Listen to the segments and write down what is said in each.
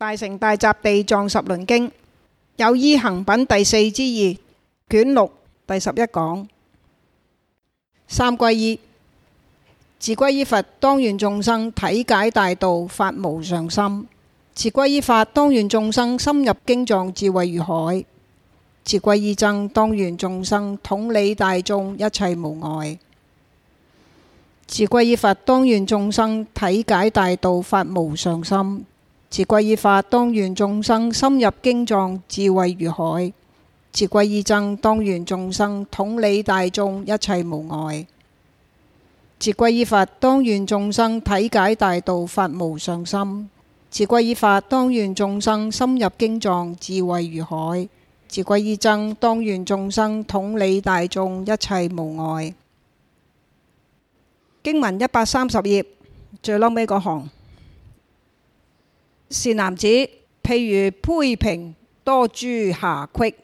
大乘大集地藏十輪經，有依行品第四之二，卷六，第十一講。三歸依，自歸依佛，當願眾生體解大道，發無上心；自歸依法，當願眾生深入經藏，智慧如海；自歸依僧，當願眾生統理大眾，一切無礙。自歸依佛，當願眾生體解大道，發無上心。自皈依法，當願眾生深入經藏，智慧如海；自皈依僧，當願眾生統理大眾，一切無礙。自皈依法，當願眾生體解大道，發無上心；自皈依法，當願眾生深入經藏，智慧如海；自皈依僧，當願眾生統理大眾，一切無礙。經文一百三十頁最孻尾嗰行。善男子，譬如坯瓶、多諸瑕隙、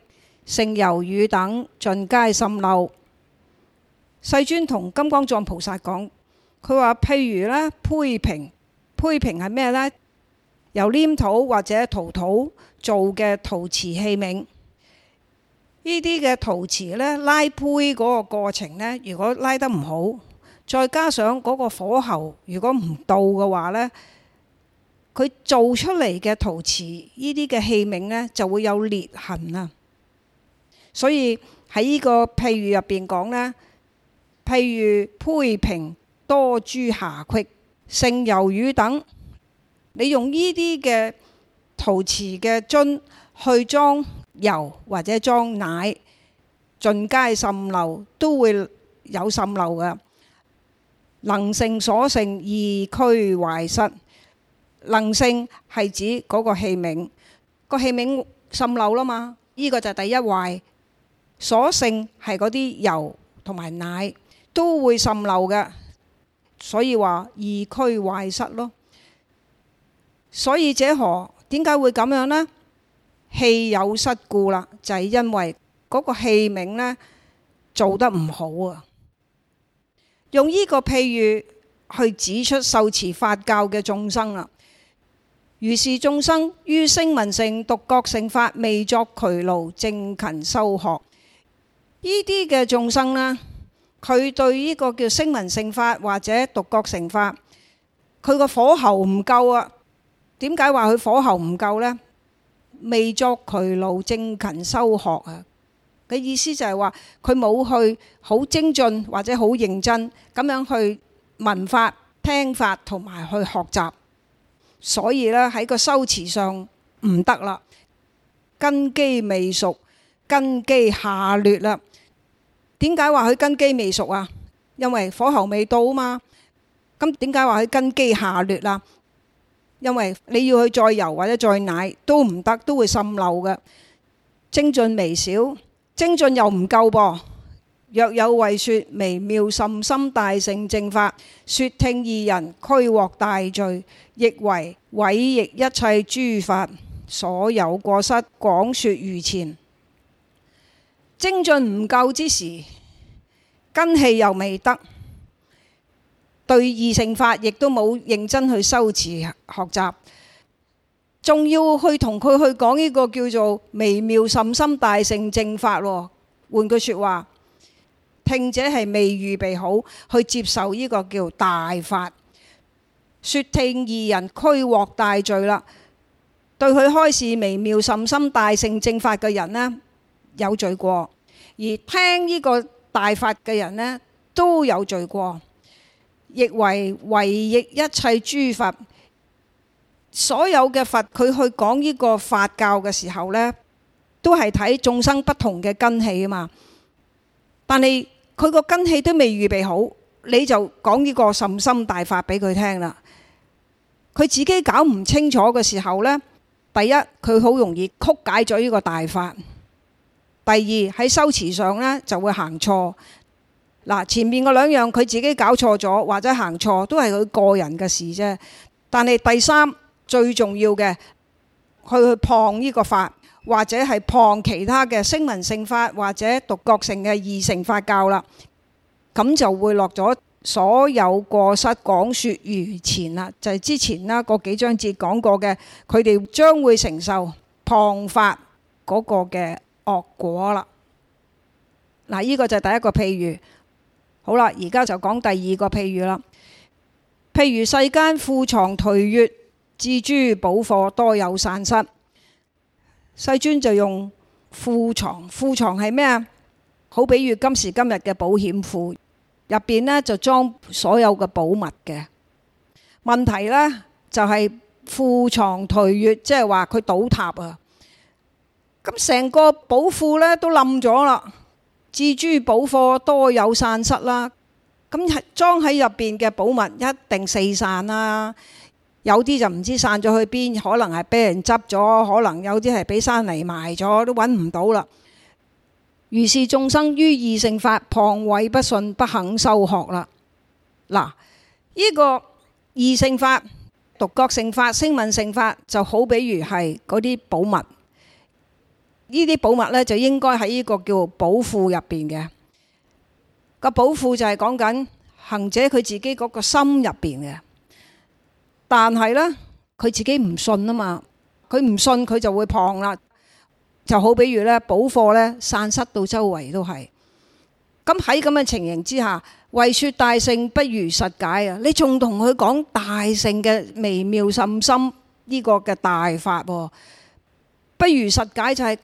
盛油乳等，盡皆滲漏。世尊同金剛藏菩薩講，佢話譬如呢，坯瓶，坯瓶係咩呢？由黏土或者陶土做嘅陶瓷器皿，呢啲嘅陶瓷呢，拉坯嗰個過程呢，如果拉得唔好，再加上嗰個火候如果唔到嘅話呢。」佢做出嚟嘅陶瓷呢啲嘅器皿呢，就會有裂痕啊！所以喺呢個譬如入邊講呢，譬如坯瓶、多諸瑕隙、盛油乳等，你用呢啲嘅陶瓷嘅樽去裝油或者裝奶，盡皆滲漏都會有滲漏㗎。能盛所盛，二俱壞失。能盛係指嗰個器皿，個器皿滲漏啦嘛，呢個就係第一壞。所盛係嗰啲油同埋奶都會滲漏嘅，所以話二俱壞失咯。所以者何，點解會咁樣呢？器有失故啦，就係因為嗰個器皿呢，做得唔好啊。用呢個譬喻去指出受持法教嘅眾生啊。如是眾生，於聲聞乘、獨覺乘法未作劬勞正勤修學，呢啲嘅眾生呢，佢對呢個叫聲聞乘法或者獨覺乘法，佢個火候唔夠啊。點解話佢火候唔夠呢？未作劬勞正勤修學啊。嘅意思就係話佢冇去好精進或者好認真咁樣去聞法、聽法同埋去學習。所以咧喺個修辭上唔得啦，根基未熟，根基下劣啦。點解話佢根基未熟啊？因為火候未到啊嘛。咁點解話佢根基下劣啦？因為你要去再油或者再奶都唔得，都會滲漏嘅。精進微少，精進又唔夠噃。若有為說微妙甚深大乘正法，說聽二人俱獲大罪，亦為違逆一切諸佛，所有過失，廣說如前。精進唔夠之時，根氣又未得，對二乘法亦都冇認真去修持學習，仲要去同佢去講呢個叫做微妙甚深大乘正法。換句說話。聽者係未預備好去接受呢個叫大法，說聽二人俱獲大罪啦。對佢開示微妙甚深大乘正法嘅人呢，有罪過，而聽呢個大法嘅人呢，都有罪過，亦為違逆一切諸佛。所有嘅佛佢去講呢個佛教嘅時候呢，都係睇眾生不同嘅根器啊嘛，但係。佢個根器都未預備好，你就講呢個甚深大法俾佢聽啦。佢自己搞唔清楚嘅時候呢，第一佢好容易曲解咗呢個大法；第二喺修持上呢，就會行錯。嗱，前面嗰兩樣佢自己搞錯咗或者行錯，都係佢個人嘅事啫。但係第三最重要嘅，去去破呢個法。或者係謗其他嘅聲聞乘法或者獨覺乘嘅二乘法教啦，咁就會落咗所有過失講説如前啦，就係、是、之前啦嗰幾章節講過嘅，佢哋將會承受謗法嗰個嘅惡果啦。嗱，呢個就係第一個譬喻。好啦，而家就講第二個譬喻啦。譬如世間庫藏頹穴，置諸寶貨多有散失。細樽就用庫藏，庫藏係咩啊？好比如今時今日嘅保險庫，入邊呢，就裝所有嘅寶物嘅問題呢，就係、是、庫藏頹穴，即係話佢倒塌啊！咁成個寶庫呢都冧咗啦，置諸寶貨多有散失啦，咁係裝喺入邊嘅寶物一定四散啦。有啲就唔知散咗去邊，可能係俾人執咗，可能有啲係俾山泥埋咗，都揾唔到啦。如是眾生於二乘法，謗毀不信不肯修學啦。嗱，呢、呢個二乘法、獨覺乘法、聲聞乘法，就好比如係嗰啲寶物，呢啲寶物呢，就應該喺呢個叫寶庫入邊嘅。這個寶庫就係講緊行者佢自己嗰個心入邊嘅。但係呢，佢自己唔信啊嘛，佢唔信佢就會謗啦。就好比如呢，寶貨呢，散失到周圍都係。咁喺咁嘅情形之下，為説大乘不如實解啊！你仲同佢講大乘嘅微妙甚深深呢個嘅大法，啊，不如實解就係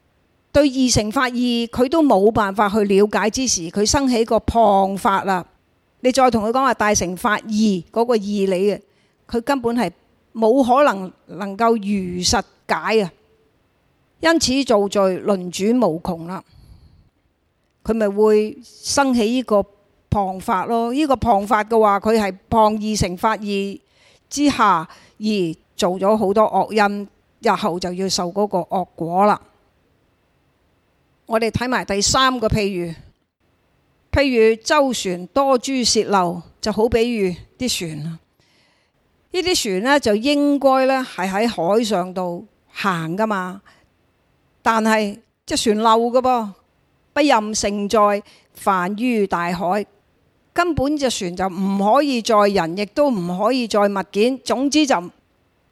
對二乘法義，佢都冇辦法去了解之時，佢生起個謗法啦。你再同佢講話大乘法義嗰個義理嘅。佢根本係冇可能能夠如實解啊，因此造罪輪轉無窮啦。佢咪會生起呢個謗法咯？呢、這個謗法嘅話，佢係謗二乘法義之下而做咗好多惡因，日後就要受嗰個惡果啦。我哋睇埋第三個譬喻，譬如舟船多諸泄漏，就好比喻啲船啊。呢啲船呢，就應該呢，係喺海上度行㗎嘛，但係隻船漏嘅噃，不任乘載，泛於大海，根本隻船就唔可以載人，亦都唔可以載物件。總之就呢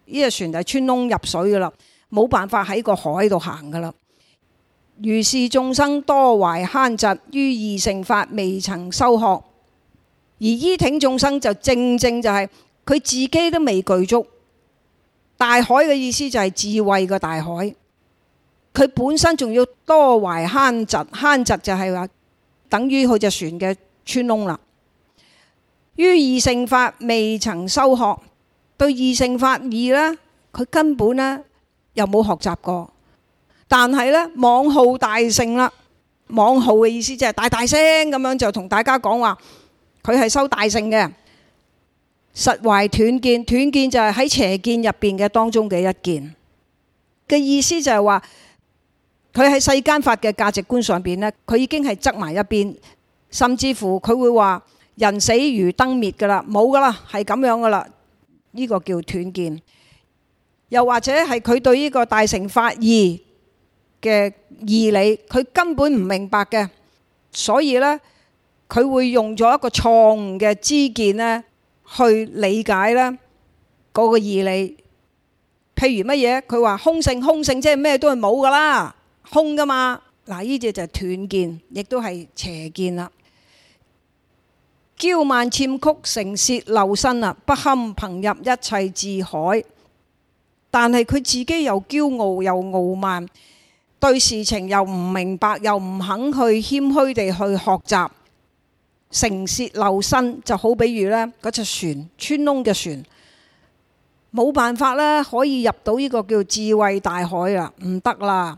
隻船就係穿窿入水㗎啦，冇辦法喺個海度行㗎啦。如是眾生多懷慳嫉，於二乘法未曾修學，而依挺眾生就正正就係、是。佢自己都未具足，大海嘅意思就係智慧嘅大海。佢本身仲要多懷慳嫉，慳嫉就係話等於佢隻船嘅穿窿啦。於二乘法未曾修學，對二乘法二咧，佢根本咧又冇學習過。但係咧妄號大乘啦，妄號嘅意思即係大大聲咁樣就同大家講話，佢係修大乘嘅。實懷斷見，斷見就係喺邪見入邊嘅當中嘅一件嘅意思就係話，佢喺世間法嘅價值觀上邊咧，佢已經係側埋一邊，甚至乎佢會話人死如燈滅噶啦，冇噶啦，係咁樣噶啦，呢、這個叫斷見。又或者係佢對呢個大乘法義嘅義理，佢根本唔明白嘅，所以呢，佢會用咗一個錯誤嘅知見呢，去理解咧嗰個義理，譬如乜嘢？佢話空性，空性即係咩都係冇噶啦，空噶嘛。嗱，呢隻就斷見，亦都係邪見啦。憍慢諂曲，成泄漏身啊！不堪憑入一切智海，但係佢自己又驕傲又傲慢，對事情又唔明白，又唔肯去謙虛地去學習。成泄漏身就好，比如呢嗰隻船穿窿嘅船，冇辦法啦，可以入到呢個叫智慧大海啊，唔得啦。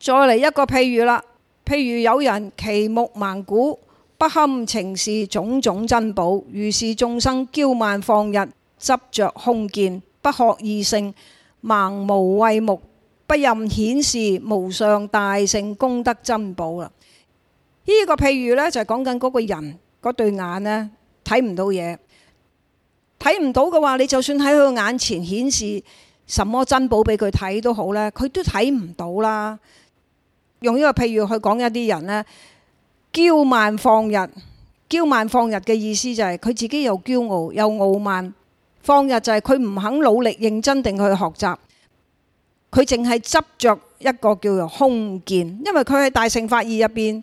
再嚟一個譬如啦，譬如有人其目盲瞽，不堪呈示種種珍寶，如是眾生憍慢放逸，執着空見，不學二乘，盲無慧目，不任顯示無上大乘功德珍寶啦。呢個譬如呢，就係講緊嗰個人嗰對眼呢，睇唔到嘢，睇唔到嘅話，你就算喺佢眼前顯示什麼珍寶俾佢睇都好呢，佢都睇唔到啦。用呢個譬如去講一啲人呢，驕慢放逸，驕慢放逸嘅意思就係佢自己又驕傲又傲慢，放逸就係佢唔肯努力認真定去學習，佢淨係執着一個叫做空見，因為佢喺大乘法義入邊。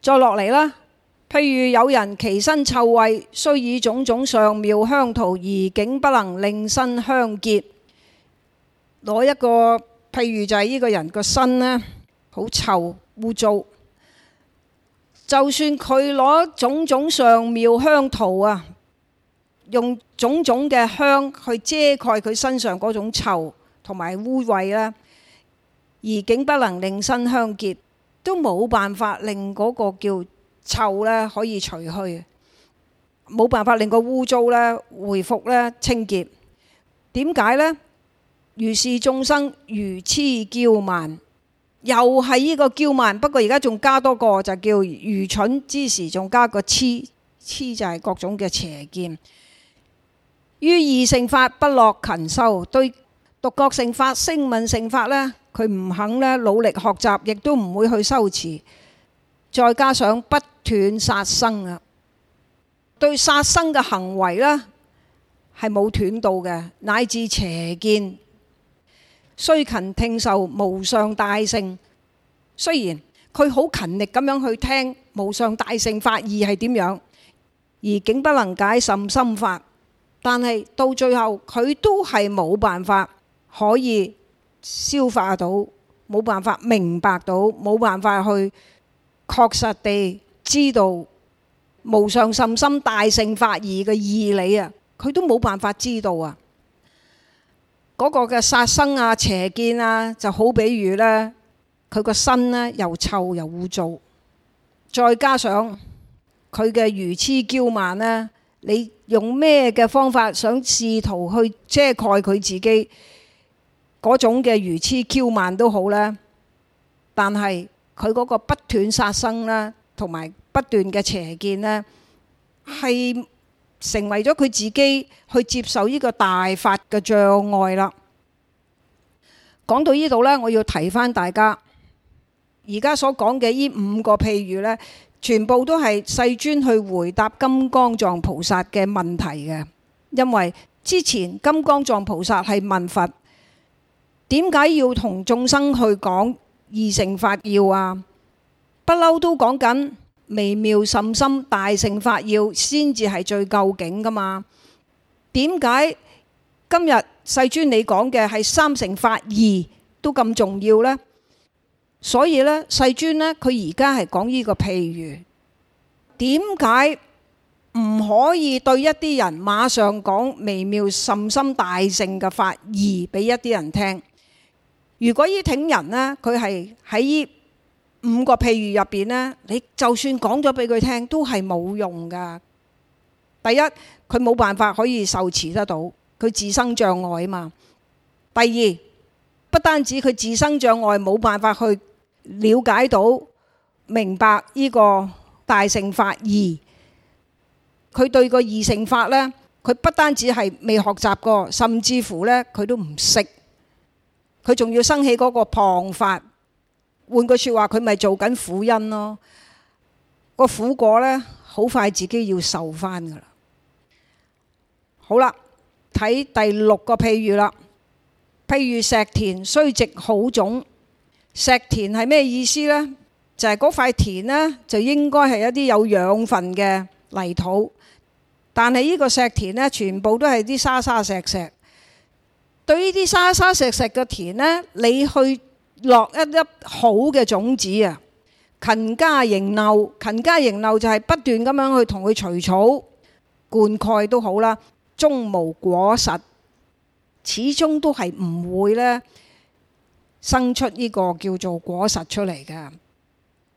再落嚟啦，譬如有人其身臭穢，雖以種種上妙香塗，而竟不能令身香潔。攞一個譬如就係呢個人個身呢，好臭污糟，就算佢攞種種上妙香塗啊，用種種嘅香去遮蓋佢身上嗰種臭同埋污穢啦，而竟不能令身香潔。都冇辦法令嗰個叫臭咧，可以除去，冇辦法令個污糟咧回復咧清潔。點解咧？如是眾生愚痴驕慢，又係呢個驕慢。不過而家仲加多個就叫愚蠢之時，仲加個痴痴就係各種嘅邪見。於二乘法不樂勤修對。獨覺乘法、聲聞乘法呢，佢唔肯呢努力學習，亦都唔會去修持。再加上不斷殺生啊，對殺生嘅行為呢係冇斷到嘅，乃至邪見。雖勤聽受無上大乘，雖然佢好勤力咁樣去聽無上大乘法義係點樣，而竟不能解甚深法，但係到最後佢都係冇辦法。可以消化到，冇辦法明白到，冇辦法去確實地知道無上甚深大乘法義嘅義理啊！佢都冇辦法知道啊！嗰、那個嘅殺生啊、邪見啊，就好比如呢，佢個身咧又臭又污糟，再加上佢嘅愚癡驕慢呢，你用咩嘅方法想試圖去遮蓋佢自己？嗰種嘅愚癡憍慢都好咧，但係佢嗰個不斷殺生咧，同埋不斷嘅邪見咧，係成為咗佢自己去接受呢個大法嘅障礙啦。講到呢度咧，我要提翻大家而家所講嘅呢五個譬如咧，全部都係世尊去回答金剛藏菩薩嘅問題嘅，因為之前金剛藏菩薩係問佛。點解要同眾生去講二乘法要啊？不嬲都講緊微妙甚深大乘法要，先至係最究竟噶嘛？點解今日世尊你講嘅係三乘法義都咁重要呢？所以呢，世尊呢，佢而家係講呢個譬如：「點解唔可以對一啲人馬上講微妙甚深大乘嘅法義俾一啲人聽？如果依啲人咧，佢係喺五個譬如入邊咧，你就算講咗俾佢聽，都係冇用噶。第一，佢冇辦法可以受持得到，佢自身障礙啊嘛。第二，不單止佢自身障礙，冇辦法去瞭解到、明白依個大乘法義，佢對個二乘法咧，佢不單止係未學習過，甚至乎咧，佢都唔識。佢仲要生起嗰個謗法，換句説話，佢咪做緊苦因咯？個苦果呢，好快自己要受返噶啦。好啦，睇第六個譬喻啦。譬如石田雖植好種，石田係咩意思呢？就係嗰塊田呢，就應該係一啲有養分嘅泥土，但係呢個石田呢，全部都係啲沙沙石石石。對呢啲沙沙石石嘅田呢，你去落一粒好嘅種子啊，勤加營耨，勤加營耨就係不斷咁樣去同佢除草、灌溉都好啦，終無果實，始終都係唔會呢生出呢個叫做果實出嚟嘅。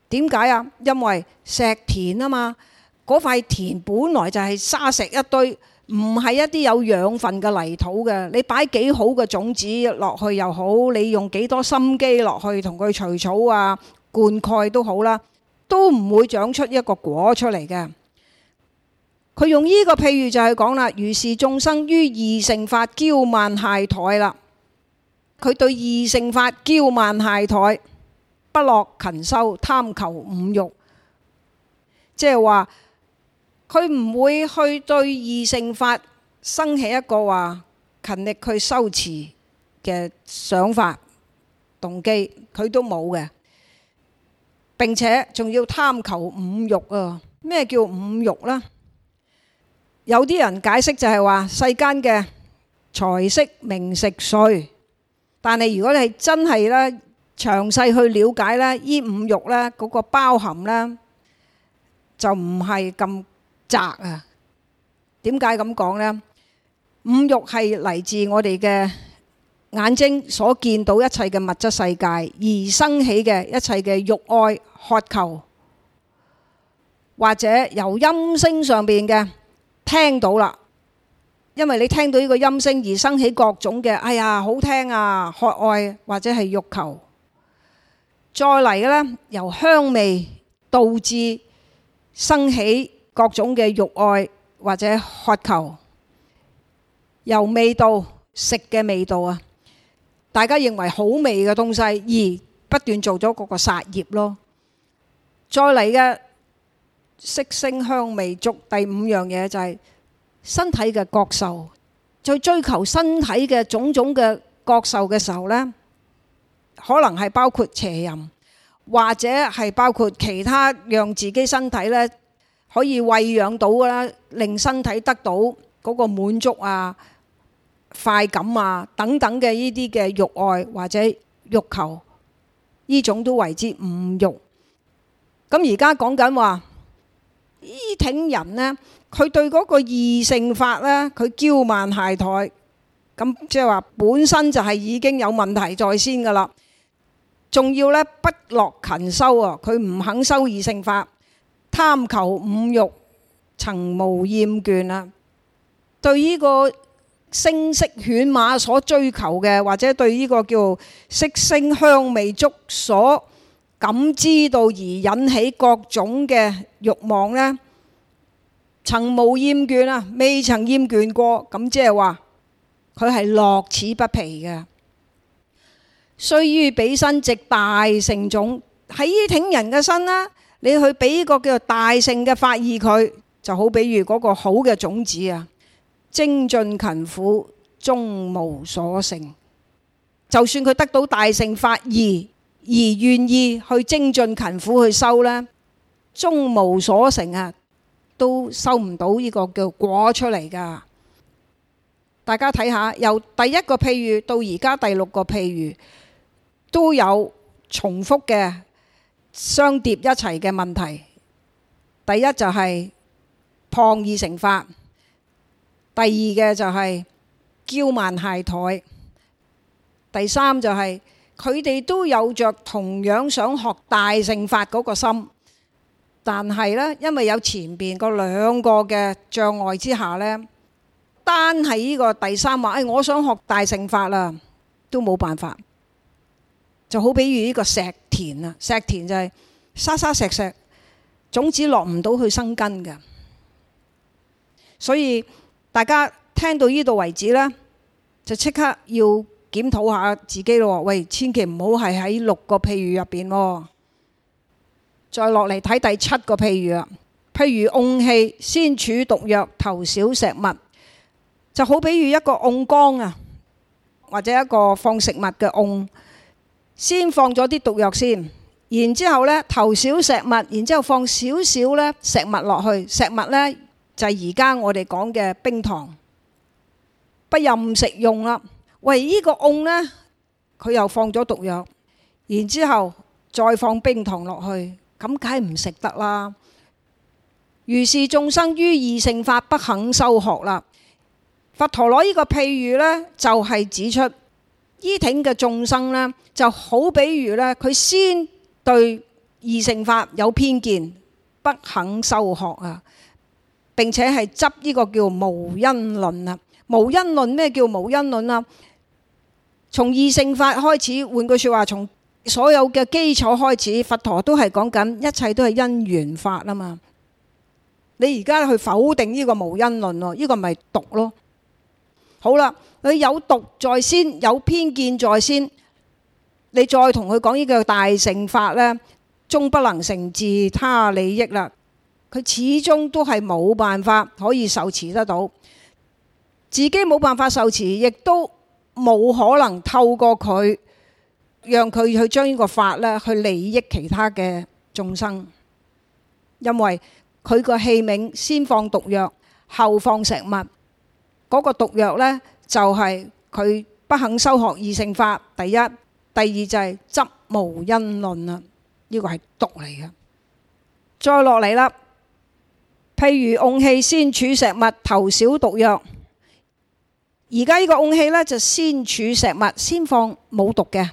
點解啊？因為石田啊嘛，嗰塊田本來就係沙石一堆。唔係一啲有養分嘅泥土嘅，你擺幾好嘅種子落去又好，你用幾多心機落去同佢除草啊、灌溉都好啦，都唔會長出一個果出嚟嘅。佢用呢個譬喻就係講啦，如是眾生於二乘法憍慢懈怠啦，佢對二乘法憍慢懈怠，不樂勤修，貪求五欲，即係話，佢唔會去對二乘法生起一個話勤力去修持嘅想法動機，佢都冇嘅，並且仲要貪求五欲啊！咩叫五欲呢？有啲人解釋就係話世間嘅財色名食睡，但係如果你真係呢，詳細去了解呢，呢五欲呢嗰個包含呢就唔係咁。雜啊，點解咁講呢？五欲係嚟自我哋嘅眼睛所見到一切嘅物質世界而生起嘅一切嘅欲愛渴求，或者由音聲上邊嘅聽到啦，因為你聽到呢個音聲而生起各種嘅哎呀好聽啊渴愛或者係欲求，再嚟嘅呢，由香味導致生起。各種嘅慾愛或者渴求，由味道食嘅味道啊，大家認為好味嘅東西而不斷做咗嗰個殺業咯。再嚟嘅色聲香味觸，第五樣嘢就係身體嘅覺受。在追求身體嘅種種嘅覺受嘅時候咧，可能係包括邪淫，或者係包括其他讓自己身體咧。可以餵養到啦，令身體得到嗰個滿足啊、快感啊等等嘅依啲嘅慾愛或者慾求，依種都為之五慾。咁而家講緊話，依挺人咧，佢對嗰個二乘法咧，佢驕慢懈怠，咁即係話本身就係已經有問題在先嘅啦，仲要咧不樂勤修啊，佢唔肯修二乘法。貪求五欲，曾無厭倦啊！對呢個聲色犬馬所追求嘅，或者對呢個叫「色聲香味觸」所感知到而引起各種嘅慾望呢，曾無厭倦啊！未曾厭倦過，咁即係話佢係樂此不疲嘅。雖於彼身植大乘種，喺呢挺人嘅身啦。你去俾個叫做大乘嘅法義佢，就好比如嗰個好嘅種子啊，精進勤苦，終無所成。就算佢得到大乘法義，而願意去精進勤苦去收呢，終無所成啊，都收唔到呢個叫果出嚟噶。大家睇下，由第一個譬喻到而家第六個譬喻，都有重複嘅。相疊一齊嘅問題，第一就係謗二乘法，第二嘅就係、是、憍慢懈怠，第三就係佢哋都有着同樣想學大乘法嗰個心，但係呢，因為有前邊嗰兩個嘅障礙之下呢，單係呢個第三話，誒、哎，我想學大乘法啦，都冇辦法，就好比如呢個石田啊，石田就係沙沙石石，種子落唔到去生根嘅。所以大家聽到呢度為止呢，就即刻要檢討下自己咯。喂，千祈唔好係喺六個譬如入邊，再落嚟睇第七個譬如啊。譬如甕器先貯毒藥，投少石蜜，就好比如一個甕缸啊，或者一個放食物嘅甕。先放咗啲毒藥先，然之後呢投少石蜜，然之後放少少呢石蜜落去，石蜜呢就係而家我哋講嘅冰糖，不任食用啦。喂，呢、個甕呢，佢又放咗毒藥，然之後再放冰糖落去，咁梗係唔食得啦。如是眾生於二乘法不肯修學啦。佛陀攞呢個譬喻呢，就係指出。伊挺嘅眾生呢，就好比如咧，佢先對二乘法有偏見，不肯修學啊。並且係執呢個叫無因論啊。無因論咩叫無因論啊？從二乘法開始，換句說話，從所有嘅基礎開始，佛陀都係講緊一切都係因緣法啊嘛。你而家去否定呢個無因論喎，呢、這個咪毒咯。好啦。佢有毒在先，有偏見在先。你再同佢講呢個大乘法呢，終不能成自他利益啦。佢始終都係冇辦法可以受持得到，自己冇辦法受持，亦都冇可能透過佢，讓佢去將呢個法呢去利益其他嘅眾生，因為佢個器皿先放毒藥，後放食物，嗰個毒藥呢。就係佢不肯修學二乘法，第一、第二就係執無因論啦，呢、這個係毒嚟嘅。再落嚟啦，譬如甕器先貯石蜜，投少毒藥。而家呢個甕器呢，就先貯石蜜，先放冇毒嘅，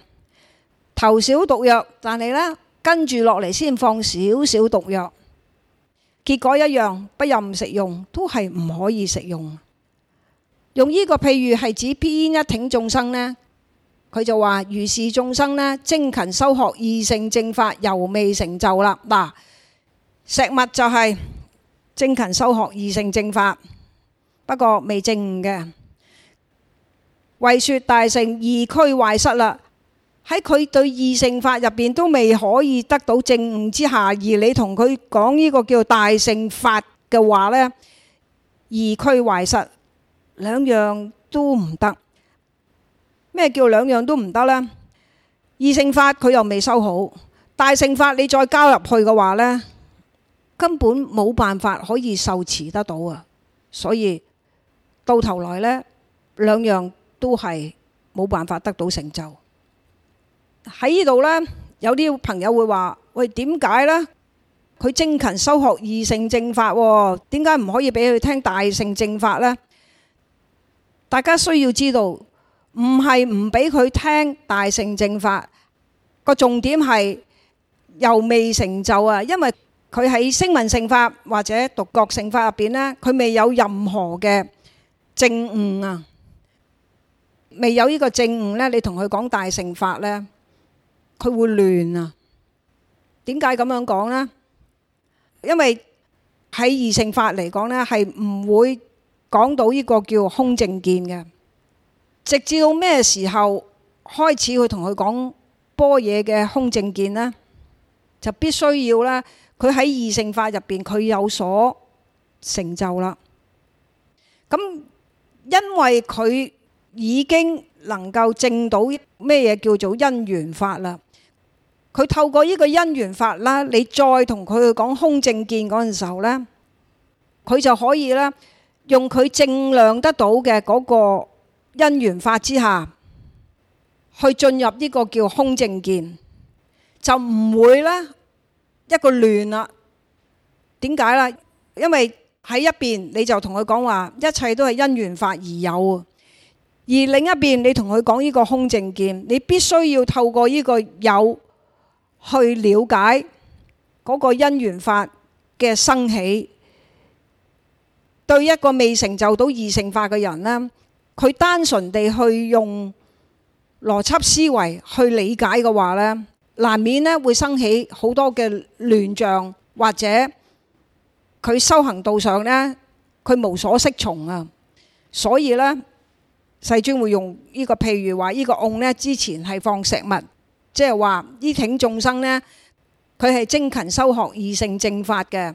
投少毒藥。但係呢，跟住落嚟先放少少毒藥，結果一樣，不任食用都係唔可以食用。用呢個譬如係指邊一挺眾生呢？佢就話如是眾生呢，精勤修學二乘正法，猶未成就啦。嗱、啊，石蜜就係精勤修學二乘正法，不過未證悟嘅，為說大乘二俱壞失啦。喺佢對二乘法入邊都未可以得到證悟之下，而你同佢講呢個叫大乘法嘅話呢，二俱壞失，兩樣都唔得。咩叫兩樣都唔得呢？二乘法佢又未修好，大乘法你再交入去嘅話呢，根本冇辦法可以受持得到啊！所以到頭來呢，兩樣都係冇辦法得到成就。喺呢度呢，有啲朋友會話：喂，點解呢？佢精勤修學二乘正法，點解唔可以俾佢聽大乘正法呢？」大家需要知道，唔係唔俾佢聽大乘正法，個重點係又未成就啊！因為佢喺聲聞乘法或者獨覺乘法入邊呢，佢未有任何嘅證悟啊，未有呢個證悟呢，你同佢講大乘法呢，佢會亂啊！點解咁樣講呢？因為喺二乘法嚟講呢，係唔會。講到呢個叫空正見嘅，直至到咩時候開始去同佢講般若嘅空正見咧，就必須要咧，佢喺二乘法入邊佢有所成就啦。咁因為佢已經能夠證到咩嘢叫做因緣法啦，佢透過呢個因緣法啦，你再同佢去講空正見嗰陣時候咧，佢就可以咧。用佢正量得到嘅嗰個因緣法之下，去進入呢個叫空正見，就唔會咧一個亂啦。點解咧？因為喺一邊你就同佢講話，一切都係因緣法而有；而另一邊你同佢講呢個空正見，你必須要透過呢個有去了解嗰個因緣法嘅生起。對一個未成就到二乘法嘅人呢，佢單純地去用邏輯思維去理解嘅話呢，難免咧會生起好多嘅亂象，或者佢修行道上呢，佢無所適從啊！所以呢，世尊會用呢、這個譬如話：呢、這個甕呢之前係放石蜜，即係話呢挺眾生呢佢係精勤修學二乘正法嘅。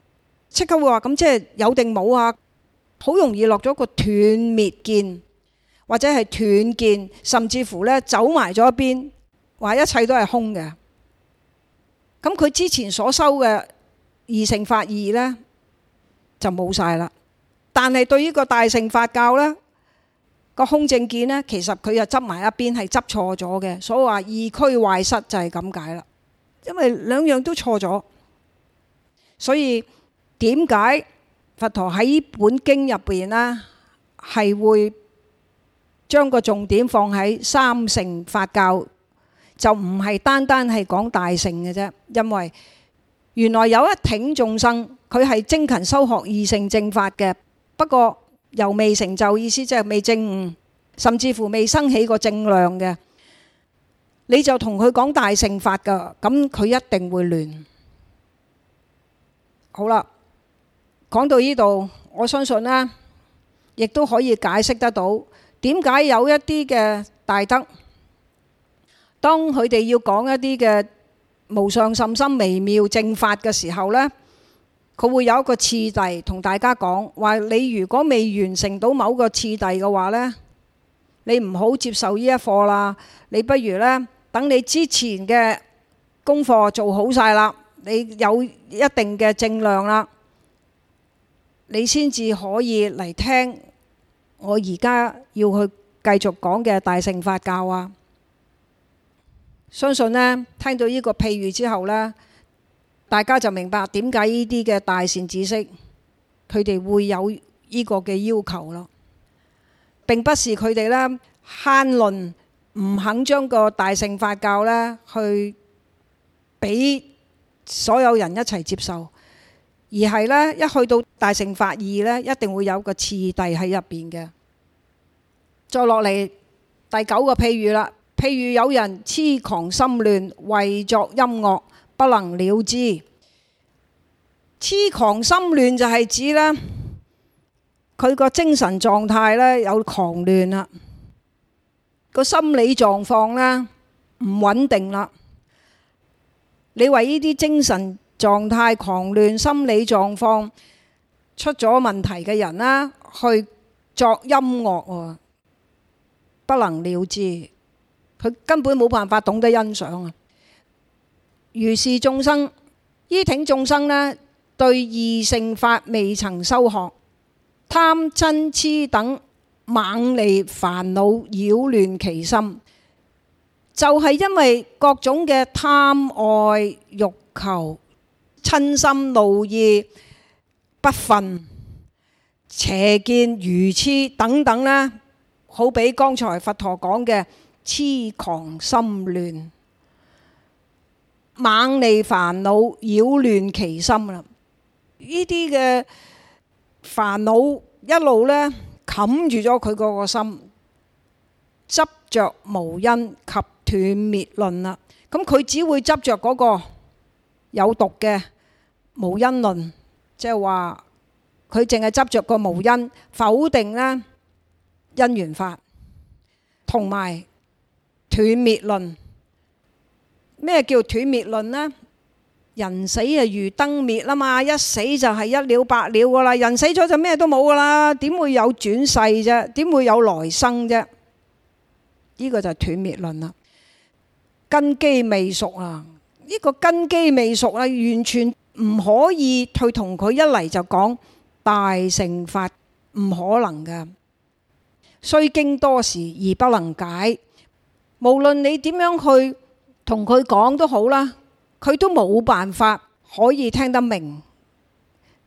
即刻會話咁，即係有定冇啊！好容易落咗個斷滅見，或者係斷見，甚至乎呢走埋咗一邊，話一切都係空嘅。咁佢之前所收嘅二乘法義呢，就冇晒啦。但係對於呢個大乘法教呢，個空正見呢，其實佢又執埋一邊係執錯咗嘅，所以話二俱壞失就係咁解啦。因為兩樣都錯咗，所以。點解佛陀喺本經入邊呢係會將個重點放喺三乘佛教，就唔係單單係講大乘嘅啫？因為原來有一挺眾生，佢係精勤修學二乘正法嘅，不過又未成就，意思即係未證悟，甚至乎未生起過正量嘅，你就同佢講大乘法噶，咁佢一定會亂。好啦。講到呢度，我相信呢亦都可以解釋得到點解有一啲嘅大德，當佢哋要講一啲嘅無上甚深微妙正法嘅時候呢，佢會有一個次第同大家講，話你如果未完成到某個次第嘅話呢，你唔好接受呢一課啦。你不如呢等你之前嘅功課做好晒啦，你有一定嘅正量啦。你先至可以嚟聽我而家要去繼續講嘅大乘法教啊！相信呢，聽到呢個譬喻之後呢，大家就明白點解呢啲嘅大善知識佢哋會有呢個嘅要求咯。並不是佢哋呢，慳吝唔肯將個大乘法教呢去俾所有人一齊接受。而係呢，一去到大乘法二呢，一定會有個次第喺入邊嘅。再落嚟第九個譬喻啦，譬喻有人痴狂心亂，為作音樂，不能了知。痴狂心亂就係指呢，佢個精神狀態呢有狂亂啦，個心理狀況呢唔穩定啦。你為呢啲精神。狀態狂亂，心理狀況出咗問題嘅人啦，去作音樂，不能了知，佢根本冇辦法懂得欣賞啊！如是眾生，依聽眾生咧，對二乘法未曾修學，貪嗔癡等猛利煩惱擾亂其心，就係因為各種嘅貪愛欲求。親心怒意不忿，邪見如痴等等，呢好比剛才佛陀講嘅痴狂心亂，猛利煩惱擾亂其心啦。呢啲嘅煩惱一路呢冚住咗佢嗰個心，執着無因及斷滅論啦。咁佢只會執着嗰個。有毒嘅無因論，即係話佢淨係執着個無因，否定呢因緣法，同埋斷滅論。咩叫斷滅論呢？人死啊如燈滅啦嘛，一死就係一了百了噶啦，人死咗就咩都冇噶啦，點會有轉世啫？點會有來生啫？呢、呢個就係斷滅論啦，根機未熟啊！呢個根基未熟啦，完全唔可以去同佢一嚟就講大乘法，唔可能噶。雖經多時而不能解，無論你點樣去同佢講都好啦，佢都冇辦法可以聽得明。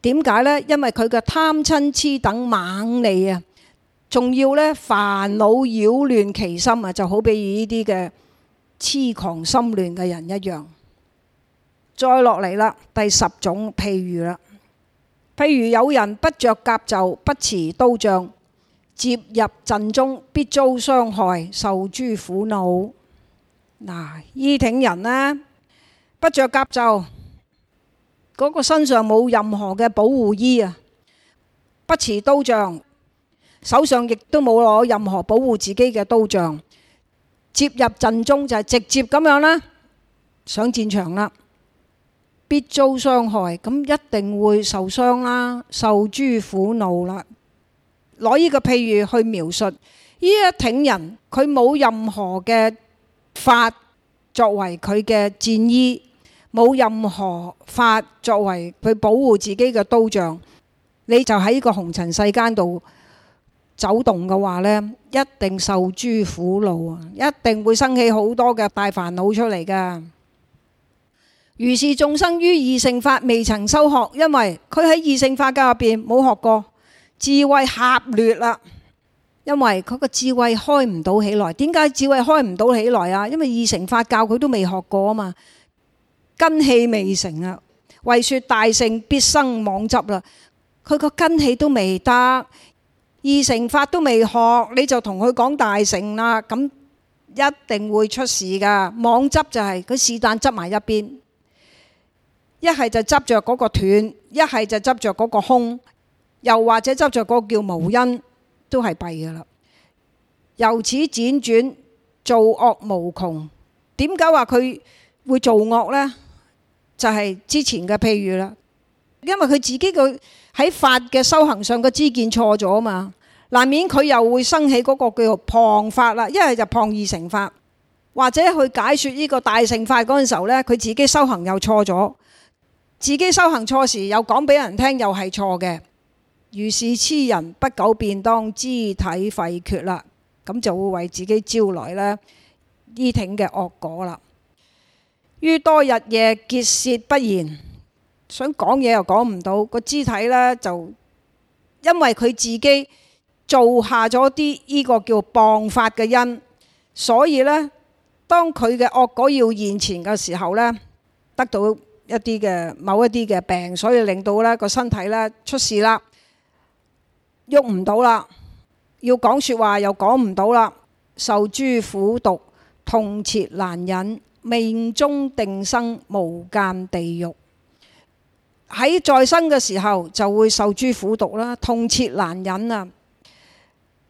點解呢？因為佢嘅貪瞋痴等猛利啊，仲要呢煩惱擾亂其心啊，就好比呢啲嘅痴狂心亂嘅人一樣。再落嚟啦，第十種譬喻啦。譬如有人不着甲冑，不持刀杖，輒入陣中，必遭傷害，受諸苦惱。嗱，依挺人呢？不着甲冑，嗰、那個身上冇任何嘅保護衣啊，不持刀杖，手上亦都冇攞任何保護自己嘅刀杖，輒入陣中就係直接咁樣啦，上戰場啦。必遭傷害，咁一定會受傷啦，受諸苦惱啦。攞呢個譬喻去描述，呢一挺人佢冇任何嘅法作為佢嘅戰衣，冇任何法作為佢保護自己嘅刀仗，你就喺呢個紅塵世間度走動嘅話呢，一定受諸苦惱啊！一定會生起好多嘅大煩惱出嚟噶。如是眾生於二乘法未曾修學，因為佢喺二乘法教入邊冇學過，智慧狹劣啦。因為佢個智慧開唔到起來，點解智慧開唔到起來啊？因為二乘法教佢都未學過啊嘛，根器未成啊。為説大乘必生妄執啦，佢個根器都未得，二乘法都未學，你就同佢講大乘啦，咁一定會出事噶。妄執就係佢是但執埋一邊。一係就執着嗰個斷，一係就執着嗰個空，又或者執着嗰個叫無因，都係弊噶啦。由此展轉造惡無窮，點解話佢會造惡呢？就係、是、之前嘅譬如啦，因為佢自己佢喺法嘅修行上嘅知見錯咗啊嘛，難免佢又會生起嗰個叫做謗法啦。一係就謗二乘法，或者去解説呢個大乘法嗰陣時候呢，佢自己修行又錯咗。自己修行錯時，又講俾人聽，又係錯嘅。如是痴人，不久便當，肢體廢缺啦，咁就會為自己招來呢依挺嘅惡果啦。於多日夜結舌不言，想講嘢又講唔到，個肢體呢，就因為佢自己做下咗啲呢個叫謗法嘅因，所以呢，當佢嘅惡果要現前嘅時候呢，得到。一啲嘅某一啲嘅病，所以令到呢個身體呢，出事啦，喐唔到啦，要講說話又講唔到啦，受諸苦毒，痛切難忍，命終定生無間地獄。喺在生嘅時候就會受諸苦毒啦，痛切難忍啊！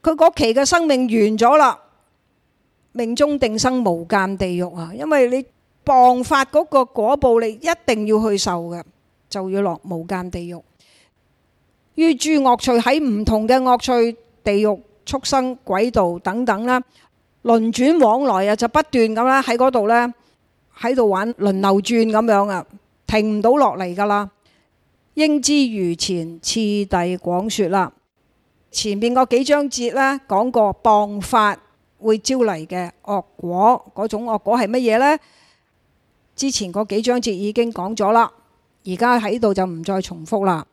佢嗰期嘅生命完咗啦，命終定生無間地獄啊！因為你。謗法嗰個果報你一定要去受嘅，就要落無間地獄。於諸惡趣，喺唔同嘅惡趣，地獄、畜生、鬼道等等啦，輪轉往來啊，就不斷咁啦喺嗰度呢，喺度玩輪流轉咁樣啊，停唔到落嚟噶啦。應知如前次第廣説啦，前面嗰幾章節呢，講過謗法會招嚟嘅惡果，嗰種惡果係乜嘢呢？之前嗰幾章節已經講咗啦，而家喺度就唔再重複啦。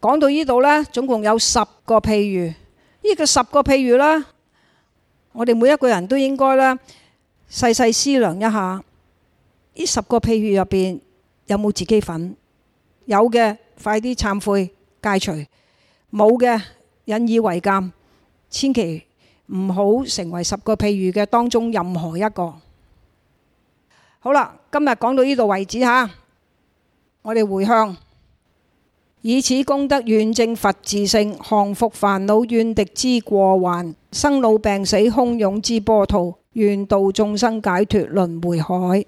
講到呢度呢，總共有十個譬喻。呢個十個譬喻呢，我哋每一個人都應該呢，細細思量一下，呢十個譬喻入邊有冇自己份？有嘅快啲懺悔戒除，冇嘅引以為鑑，千祈唔好成為十個譬喻嘅當中任何一個。好啦，今日講到呢度為止吓，我哋回向，以此功德願證佛自性，降伏煩惱怨敵之過患，生老病死洶湧之波濤，願度眾生解脫輪迴海。